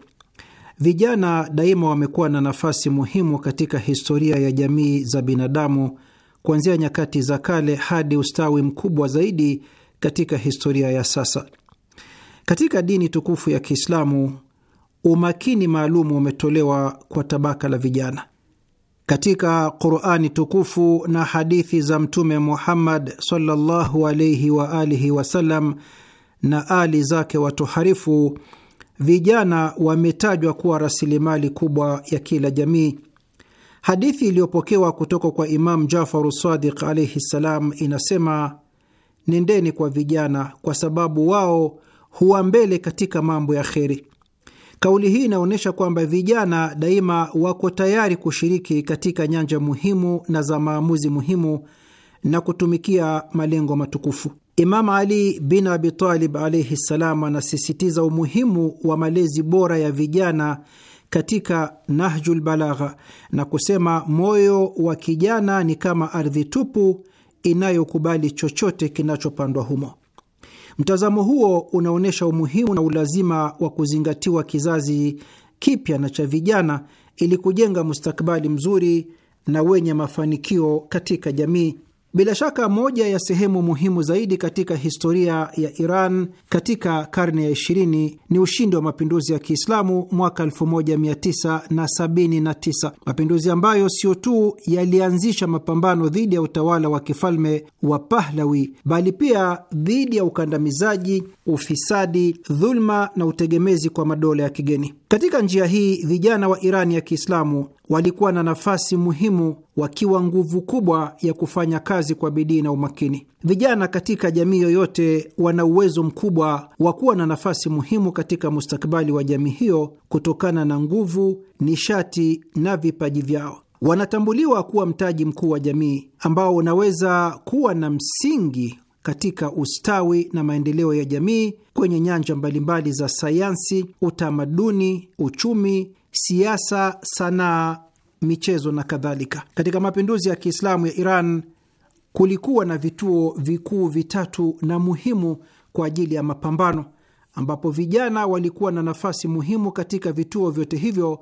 Vijana daima wamekuwa na nafasi muhimu katika historia ya jamii za binadamu kuanzia nyakati za kale hadi ustawi mkubwa zaidi katika historia ya sasa. Katika dini tukufu ya Kiislamu, umakini maalum umetolewa kwa tabaka la vijana katika Qurani tukufu na hadithi za Mtume Muhammad sallallahu alaihi wa alihi wasallam na ali zake watoharifu, vijana wametajwa kuwa rasilimali kubwa ya kila jamii. Hadithi iliyopokewa kutoka kwa Imamu Jafaru Sadiq alaihi ssalam inasema, nendeni kwa vijana, kwa sababu wao huwa mbele katika mambo ya kheri Kauli hii inaonyesha kwamba vijana daima wako tayari kushiriki katika nyanja muhimu na za maamuzi muhimu na kutumikia malengo matukufu. Imam Ali bin Abi Talib alaihi ssalam anasisitiza umuhimu wa malezi bora ya vijana katika Nahjul Balagha na kusema, moyo wa kijana ni kama ardhi tupu inayokubali chochote kinachopandwa humo. Mtazamo huo unaonyesha umuhimu na ulazima wa kuzingatiwa kizazi kipya na cha vijana ili kujenga mustakabali mzuri na wenye mafanikio katika jamii. Bila shaka moja ya sehemu muhimu zaidi katika historia ya Iran katika karne ya 20 ni ushindi wa mapinduzi ya Kiislamu mwaka 1979, mapinduzi ambayo sio tu yalianzisha mapambano dhidi ya utawala wa kifalme wa Pahlawi, bali pia dhidi ya ukandamizaji, ufisadi, dhulma na utegemezi kwa madola ya kigeni. Katika njia hii, vijana wa Irani ya Kiislamu walikuwa na nafasi muhimu wakiwa nguvu kubwa ya kufanya kazi kwa bidii na umakini. Vijana katika jamii yoyote wana uwezo mkubwa wa kuwa na nafasi muhimu katika mustakabali wa jamii hiyo kutokana na nguvu, nishati na vipaji vyao. Wanatambuliwa kuwa mtaji mkuu wa jamii ambao unaweza kuwa na msingi katika ustawi na maendeleo ya jamii kwenye nyanja mbalimbali za sayansi, utamaduni, uchumi, siasa, sanaa, michezo na kadhalika. Katika mapinduzi ya Kiislamu ya Iran kulikuwa na vituo vikuu vitatu na muhimu kwa ajili ya mapambano, ambapo vijana walikuwa na nafasi muhimu katika vituo vyote hivyo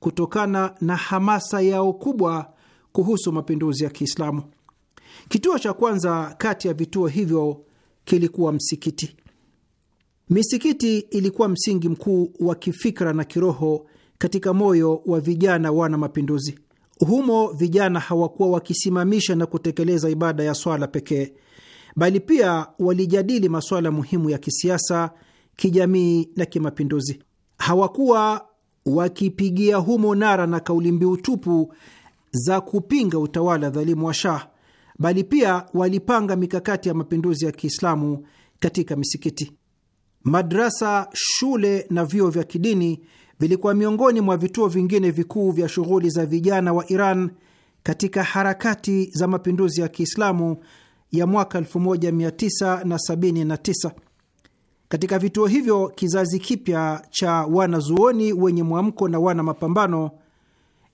kutokana na hamasa yao kubwa kuhusu mapinduzi ya Kiislamu. Kituo cha kwanza kati ya vituo hivyo kilikuwa msikiti. Misikiti ilikuwa msingi mkuu wa kifikra na kiroho katika moyo wa vijana wana mapinduzi. Humo vijana hawakuwa wakisimamisha na kutekeleza ibada ya swala pekee, bali pia walijadili masuala muhimu ya kisiasa, kijamii na kimapinduzi. Hawakuwa wakipigia humo nara na kauli mbiu tupu za kupinga utawala dhalimu wa Shah, bali pia walipanga mikakati ya mapinduzi ya Kiislamu katika misikiti, madrasa, shule na vyuo vya kidini vilikuwa miongoni mwa vituo vingine vikuu vya shughuli za vijana wa Iran katika harakati za mapinduzi ya Kiislamu ya mwaka 1979. Katika vituo hivyo kizazi kipya cha wanazuoni wenye mwamko na wana mapambano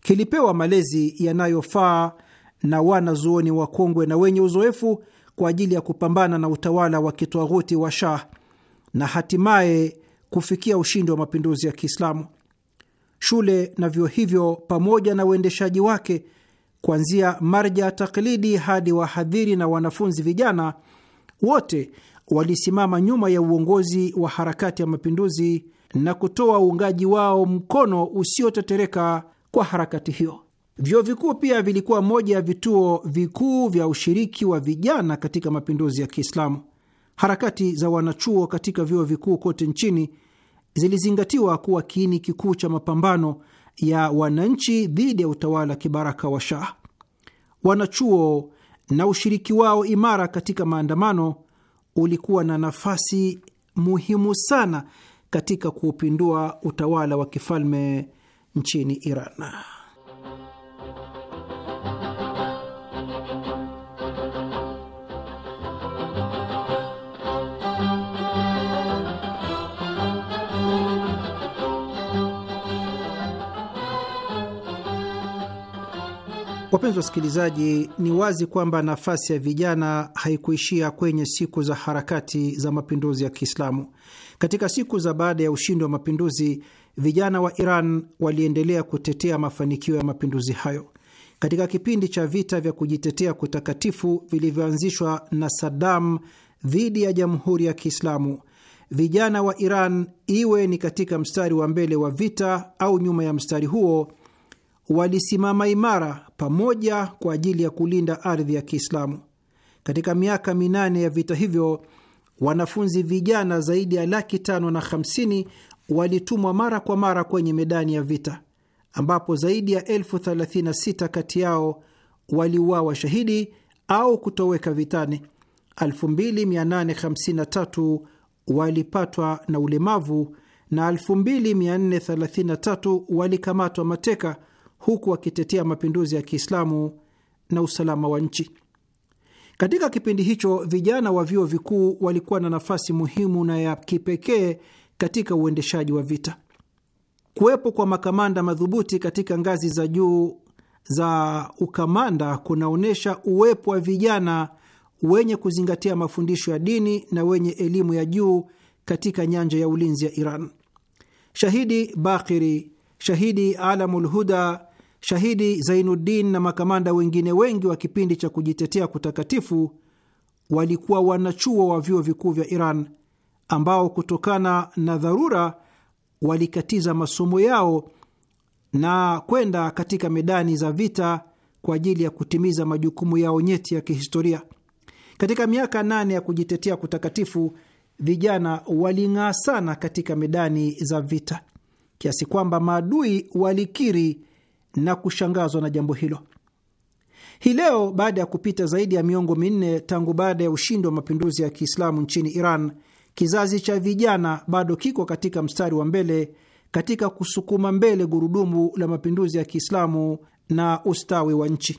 kilipewa malezi yanayofaa na wanazuoni wakongwe na wenye uzoefu kwa ajili ya kupambana na utawala wa kitwaghuti wa Shah na hatimaye kufikia ushindi wa mapinduzi ya Kiislamu. Shule na vyuo hivyo pamoja na uendeshaji wake, kuanzia marja ya taklidi hadi wahadhiri na wanafunzi vijana, wote walisimama nyuma ya uongozi wa harakati ya mapinduzi na kutoa uungaji wao mkono usiotetereka kwa harakati hiyo. Vyuo vikuu pia vilikuwa moja ya vituo vikuu vya ushiriki wa vijana katika mapinduzi ya Kiislamu. Harakati za wanachuo katika vyuo vikuu kote nchini zilizingatiwa kuwa kiini kikuu cha mapambano ya wananchi dhidi ya utawala kibaraka wa Shah. Wanachuo na ushiriki wao imara katika maandamano ulikuwa na nafasi muhimu sana katika kuupindua utawala wa kifalme nchini Iran. Wapenzi wasikilizaji, ni wazi kwamba nafasi ya vijana haikuishia kwenye siku za harakati za mapinduzi ya Kiislamu. Katika siku za baada ya ushindi wa mapinduzi, vijana wa Iran waliendelea kutetea mafanikio ya mapinduzi hayo. Katika kipindi cha vita vya kujitetea kutakatifu vilivyoanzishwa na Saddam dhidi ya Jamhuri ya Kiislamu, vijana wa Iran, iwe ni katika mstari wa mbele wa vita au nyuma ya mstari huo walisimama imara pamoja kwa ajili ya kulinda ardhi ya Kiislamu. Katika miaka minane ya vita hivyo, wanafunzi vijana zaidi ya laki tano na hamsini walitumwa mara kwa mara kwenye medani ya vita, ambapo zaidi ya elfu thelathini na sita kati yao waliuawa shahidi au kutoweka vitani. 2853 walipatwa na ulemavu na 2433 walikamatwa mateka huku akitetea mapinduzi ya Kiislamu na usalama wa nchi. Katika kipindi hicho, vijana wa vyuo vikuu walikuwa na nafasi muhimu na ya kipekee katika uendeshaji wa vita. Kuwepo kwa makamanda madhubuti katika ngazi za juu za ukamanda kunaonyesha uwepo wa vijana wenye kuzingatia mafundisho ya dini na wenye elimu ya juu katika nyanja ya ulinzi ya Iran. Shahidi Bakiri, shahidi Alamul Huda Shahidi Zainuddin na makamanda wengine wengi wa kipindi cha kujitetea kutakatifu walikuwa wanachuo wa vyuo vikuu vya Iran ambao kutokana na dharura walikatiza masomo yao na kwenda katika medani za vita kwa ajili ya kutimiza majukumu yao nyeti ya kihistoria. Katika miaka nane ya kujitetea kutakatifu, vijana waling'aa sana katika medani za vita kiasi kwamba maadui walikiri na kushangazwa na jambo hilo. Hii leo baada ya kupita zaidi ya miongo minne tangu baada ya ushindi wa mapinduzi ya Kiislamu nchini Iran, kizazi cha vijana bado kiko katika mstari wa mbele katika kusukuma mbele gurudumu la mapinduzi ya Kiislamu na ustawi wa nchi.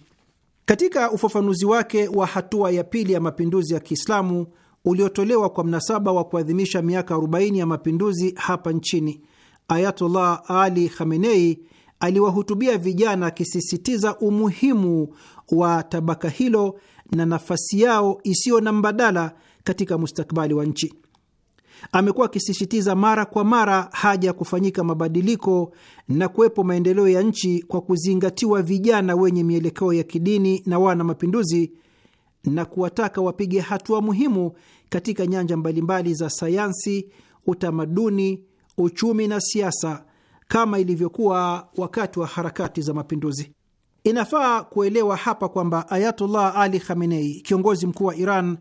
Katika ufafanuzi wake wa hatua ya pili ya mapinduzi ya Kiislamu uliotolewa kwa mnasaba wa kuadhimisha miaka 40 ya mapinduzi hapa nchini, Ayatullah Ali Khamenei aliwahutubia vijana akisisitiza umuhimu wa tabaka hilo na nafasi yao isiyo na mbadala katika mustakabali wa nchi. Amekuwa akisisitiza mara kwa mara haja ya kufanyika mabadiliko na kuwepo maendeleo ya nchi kwa kuzingatiwa vijana wenye mielekeo ya kidini na wana mapinduzi, na kuwataka wapige hatua muhimu katika nyanja mbalimbali za sayansi, utamaduni, uchumi na siasa kama ilivyokuwa wakati wa harakati za mapinduzi. Inafaa kuelewa hapa kwamba Ayatullah Ali Khamenei, kiongozi mkuu wa Iran,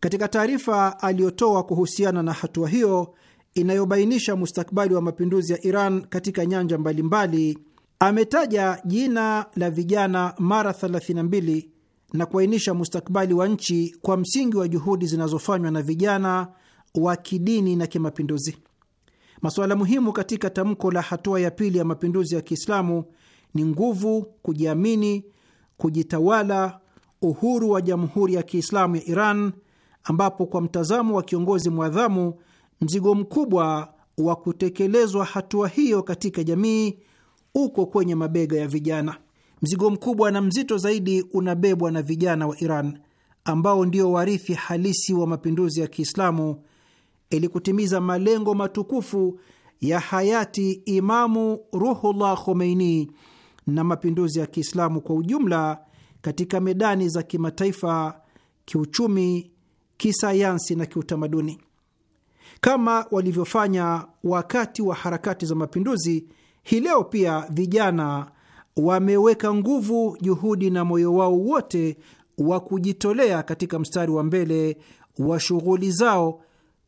katika taarifa aliyotoa kuhusiana na hatua hiyo inayobainisha mustakabali wa mapinduzi ya Iran katika nyanja mbalimbali, ametaja jina la vijana mara 32 na kuainisha mustakabali wa nchi kwa msingi wa juhudi zinazofanywa na vijana wa kidini na kimapinduzi. Masuala muhimu katika tamko la hatua ya pili ya mapinduzi ya Kiislamu ni nguvu, kujiamini, kujitawala, uhuru wa Jamhuri ya Kiislamu ya Iran, ambapo kwa mtazamo wa kiongozi mwadhamu, mzigo mkubwa wa kutekelezwa hatua hiyo katika jamii uko kwenye mabega ya vijana. Mzigo mkubwa na mzito zaidi unabebwa na vijana wa Iran ambao ndio warithi halisi wa mapinduzi ya Kiislamu ili kutimiza malengo matukufu ya hayati Imamu Ruhullah Khomeini na mapinduzi ya Kiislamu kwa ujumla katika medani za kimataifa, kiuchumi, kisayansi na kiutamaduni, kama walivyofanya wakati wa harakati za mapinduzi. Hii leo pia vijana wameweka nguvu, juhudi na moyo wao wote wa kujitolea katika mstari wa mbele wa shughuli zao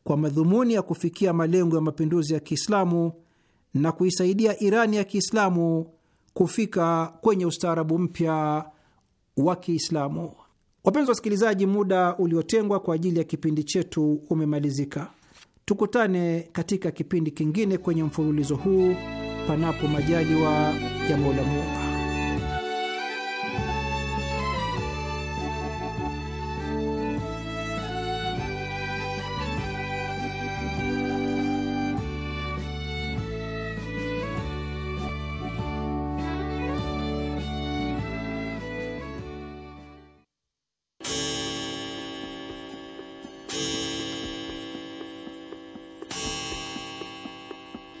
kwa madhumuni ya kufikia malengo ya mapinduzi ya Kiislamu na kuisaidia Irani ya Kiislamu kufika kwenye ustaarabu mpya wa Kiislamu. Wapenzi wasikilizaji, muda uliotengwa kwa ajili ya kipindi chetu umemalizika. Tukutane katika kipindi kingine kwenye mfululizo huu, panapo majaliwa ya Mola Muumba.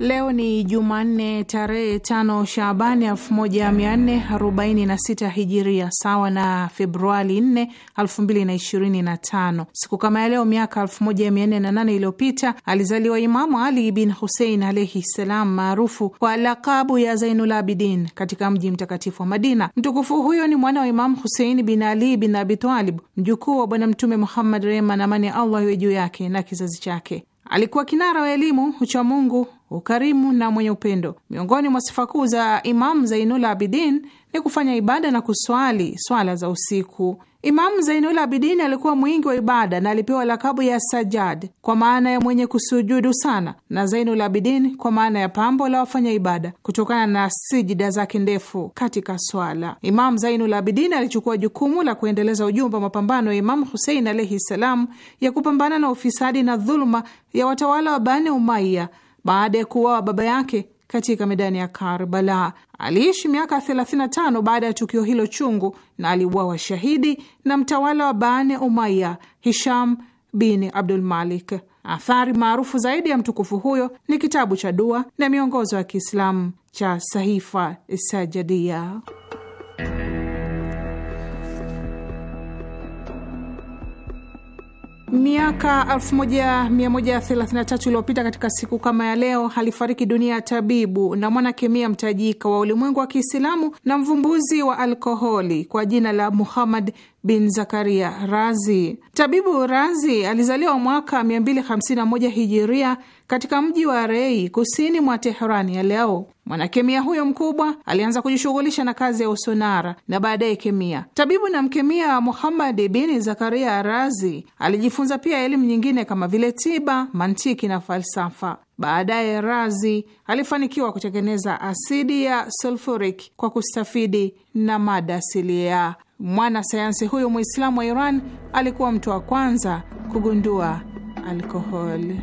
Leo ni Jumanne tarehe tano Shaabani 1446 Hijiria, sawa na Februari 4, 2025. Siku kama ya leo miaka 1408 iliyopita alizaliwa Imamu Ali bin Husein alaihi ssalam, maarufu kwa lakabu ya Zainul Abidin, katika mji mtakatifu wa Madina. Mtukufu huyo ni mwana wa Imamu Husein bin Ali bin Abitalib, mjukuu wa Bwana Mtume Muhammad, rehma na amani ya Allah iwe juu yake na kizazi chake. Alikuwa kinara wa elimu, uchamungu ukarimu na mwenye upendo. Miongoni mwa sifa kuu za Imamu Zainul Abidin ni kufanya ibada na kuswali swala za usiku. Imamu Zainul Abidin alikuwa mwingi wa ibada na alipewa lakabu ya Sajad kwa maana ya mwenye kusujudu sana, na Zainul Abidin kwa maana ya pambo la wafanya ibada kutokana na sijida zake ndefu katika swala. Imamu Zainul Abidin alichukua jukumu la kuendeleza ujumbe wa mapambano ya Imamu Husein alaihi ssalam ya kupambana na ufisadi na dhuluma ya watawala wa Bani Umaiya baada ya kuuawa baba yake katika medani ya Karbala. Aliishi miaka 35 baada ya tukio hilo chungu, na aliuawa shahidi na mtawala wa Bani Umaya, Hisham bin Abdul Malik. Athari maarufu zaidi ya mtukufu huyo ni kitabu cha dua na miongozo ya Kiislamu cha Sahifa Sajadia. Miaka 1133 iliyopita katika siku kama ya leo alifariki dunia ya tabibu na mwanakemia mtajika wa ulimwengu wa Kiislamu na mvumbuzi wa alkoholi kwa jina la Muhammad bin Zakaria Razi. Tabibu Razi alizaliwa mwaka 251 hijiria katika mji wa Rei kusini mwa Teherani ya leo. Mwanakemia huyo mkubwa alianza kujishughulisha na kazi ya usonara na baadaye kemia. Tabibu na mkemia Muhammad bin Zakaria Razi alijifunza pia elimu nyingine kama vile tiba, mantiki na falsafa. Baadaye Razi alifanikiwa kutengeneza asidi ya sulfuric kwa kustafidi na mada asilia. Mwana sayansi huyu Mwislamu wa Iran alikuwa mtu wa kwanza kugundua alkoholi.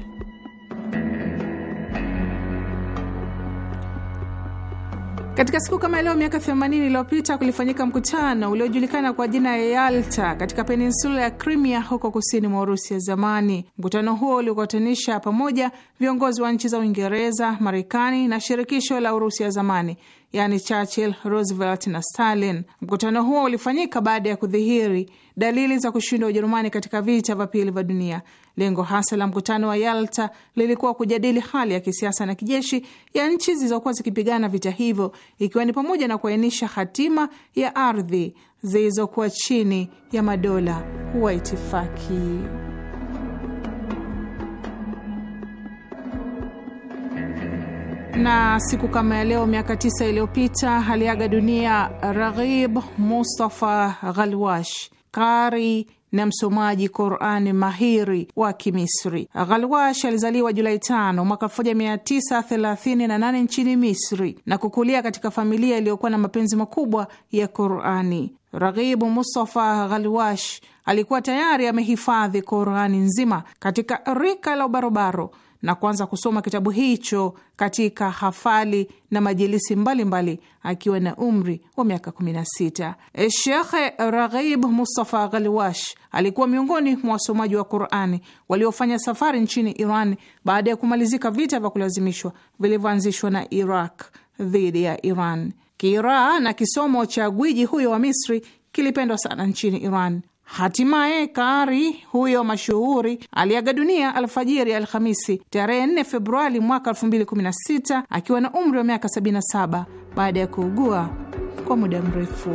Katika siku kama leo miaka 80 iliyopita kulifanyika mkutano uliojulikana kwa jina ya Yalta katika peninsula ya Crimea huko kusini mwa Urusi ya zamani. Mkutano huo uliokutanisha pamoja viongozi wa nchi za Uingereza, Marekani na shirikisho la Urusi ya zamani yani Churchill, Roosevelt na Stalin. Mkutano huo ulifanyika baada ya kudhihiri dalili za kushindwa Ujerumani katika vita vya pili vya dunia. Lengo hasa la mkutano wa Yalta lilikuwa kujadili hali ya kisiasa na kijeshi ya nchi zilizokuwa zikipigana vita hivyo, ikiwa ni pamoja na kuainisha hatima ya ardhi zilizokuwa chini ya madola wa itifaki. na siku kama ya leo miaka tisa iliyopita aliaga dunia Raghib Mustafa Ghalwash, qari na msomaji Qurani mahiri wa Kimisri. Ghalwash alizaliwa Julai 5 mwaka 1938 nchini Misri na kukulia katika familia iliyokuwa na mapenzi makubwa ya Qurani. Raghibu Mustafa Ghalwash alikuwa tayari amehifadhi Qurani nzima katika rika la ubarobaro na kuanza kusoma kitabu hicho katika hafali na majilisi mbalimbali akiwa na umri wa miaka 16. Shekhe Raghib Mustafa Ghalwash alikuwa miongoni mwa wasomaji wa Qurani waliofanya safari nchini Iran baada ya kumalizika vita vya kulazimishwa vilivyoanzishwa na Iraq dhidi ya Iran. Kiraa na kisomo cha gwiji huyo wa Misri kilipendwa sana nchini Iran. Hatimaye Kaari huyo mashuhuri aliaga dunia alfajiri ya Alhamisi tarehe 4 Februari mwaka 2016 akiwa na umri wa miaka 77 baada ya kuugua kwa muda mrefu.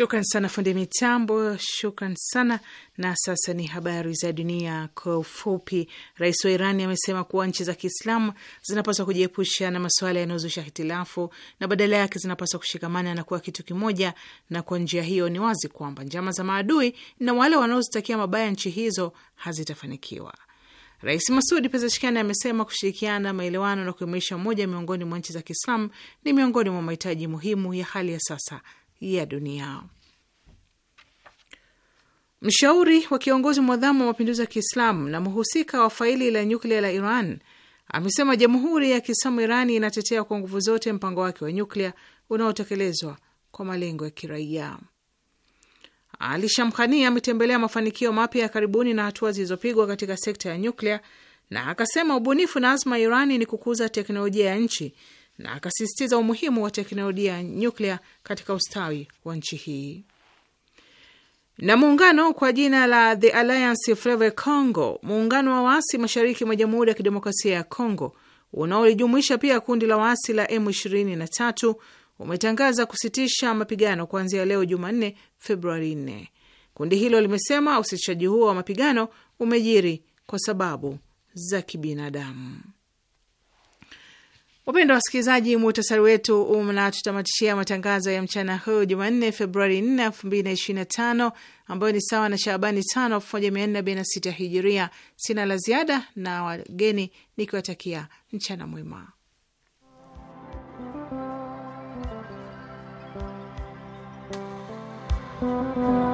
Shukran sana fundi mitambo, shukran sana. Na sasa ni habari za dunia kwa ufupi. Rais wa Irani amesema kuwa nchi za Kiislamu zinapaswa kujiepusha na masuala yanayozusha hitilafu na badala yake zinapaswa kushikamana na kuwa kitu kimoja, na kwa njia hiyo ni wazi kwamba njama za maadui na wale wanaozitakia mabaya nchi hizo hazitafanikiwa. Rais Masudi Pezeshkian amesema kushirikiana, maelewano na kuimarisha umoja miongoni mwa nchi za Kiislamu ni miongoni mwa mahitaji muhimu ya hali ya sasa ya dunia. Mshauri wa kiongozi mwadhamu wa mapinduzi ya Kiislamu na mhusika wa faili la nyuklia la Iran amesema jamhuri ya Kiislamu Irani inatetea kwa nguvu zote mpango wake wa nyuklia unaotekelezwa kwa malengo ya kiraia. Ali Shamkhani ametembelea mafanikio mapya ya karibuni na hatua zilizopigwa katika sekta ya nyuklia na akasema ubunifu na azma ya Irani ni kukuza teknolojia ya nchi na akasisitiza umuhimu wa teknolojia ya nyuklia katika ustawi wa nchi hii. Na muungano kwa jina la The Alliance Fleuve Congo, muungano wa waasi mashariki mwa Jamhuri ya Kidemokrasia ya Congo unaolijumuisha pia kundi la waasi la M23 umetangaza kusitisha mapigano kuanzia leo Jumanne, Februari 4. Kundi hilo limesema usitishaji huo wa mapigano umejiri kwa sababu za kibinadamu wa wasikilizaji, muhtasari wetu unatutamatishia matangazo ya mchana huu Jumanne, Februari 4, 2025 ambayo ni sawa na Shaabani 5, 1446 Hijiria. Sina la ziada na wageni nikiwatakia mchana mwema.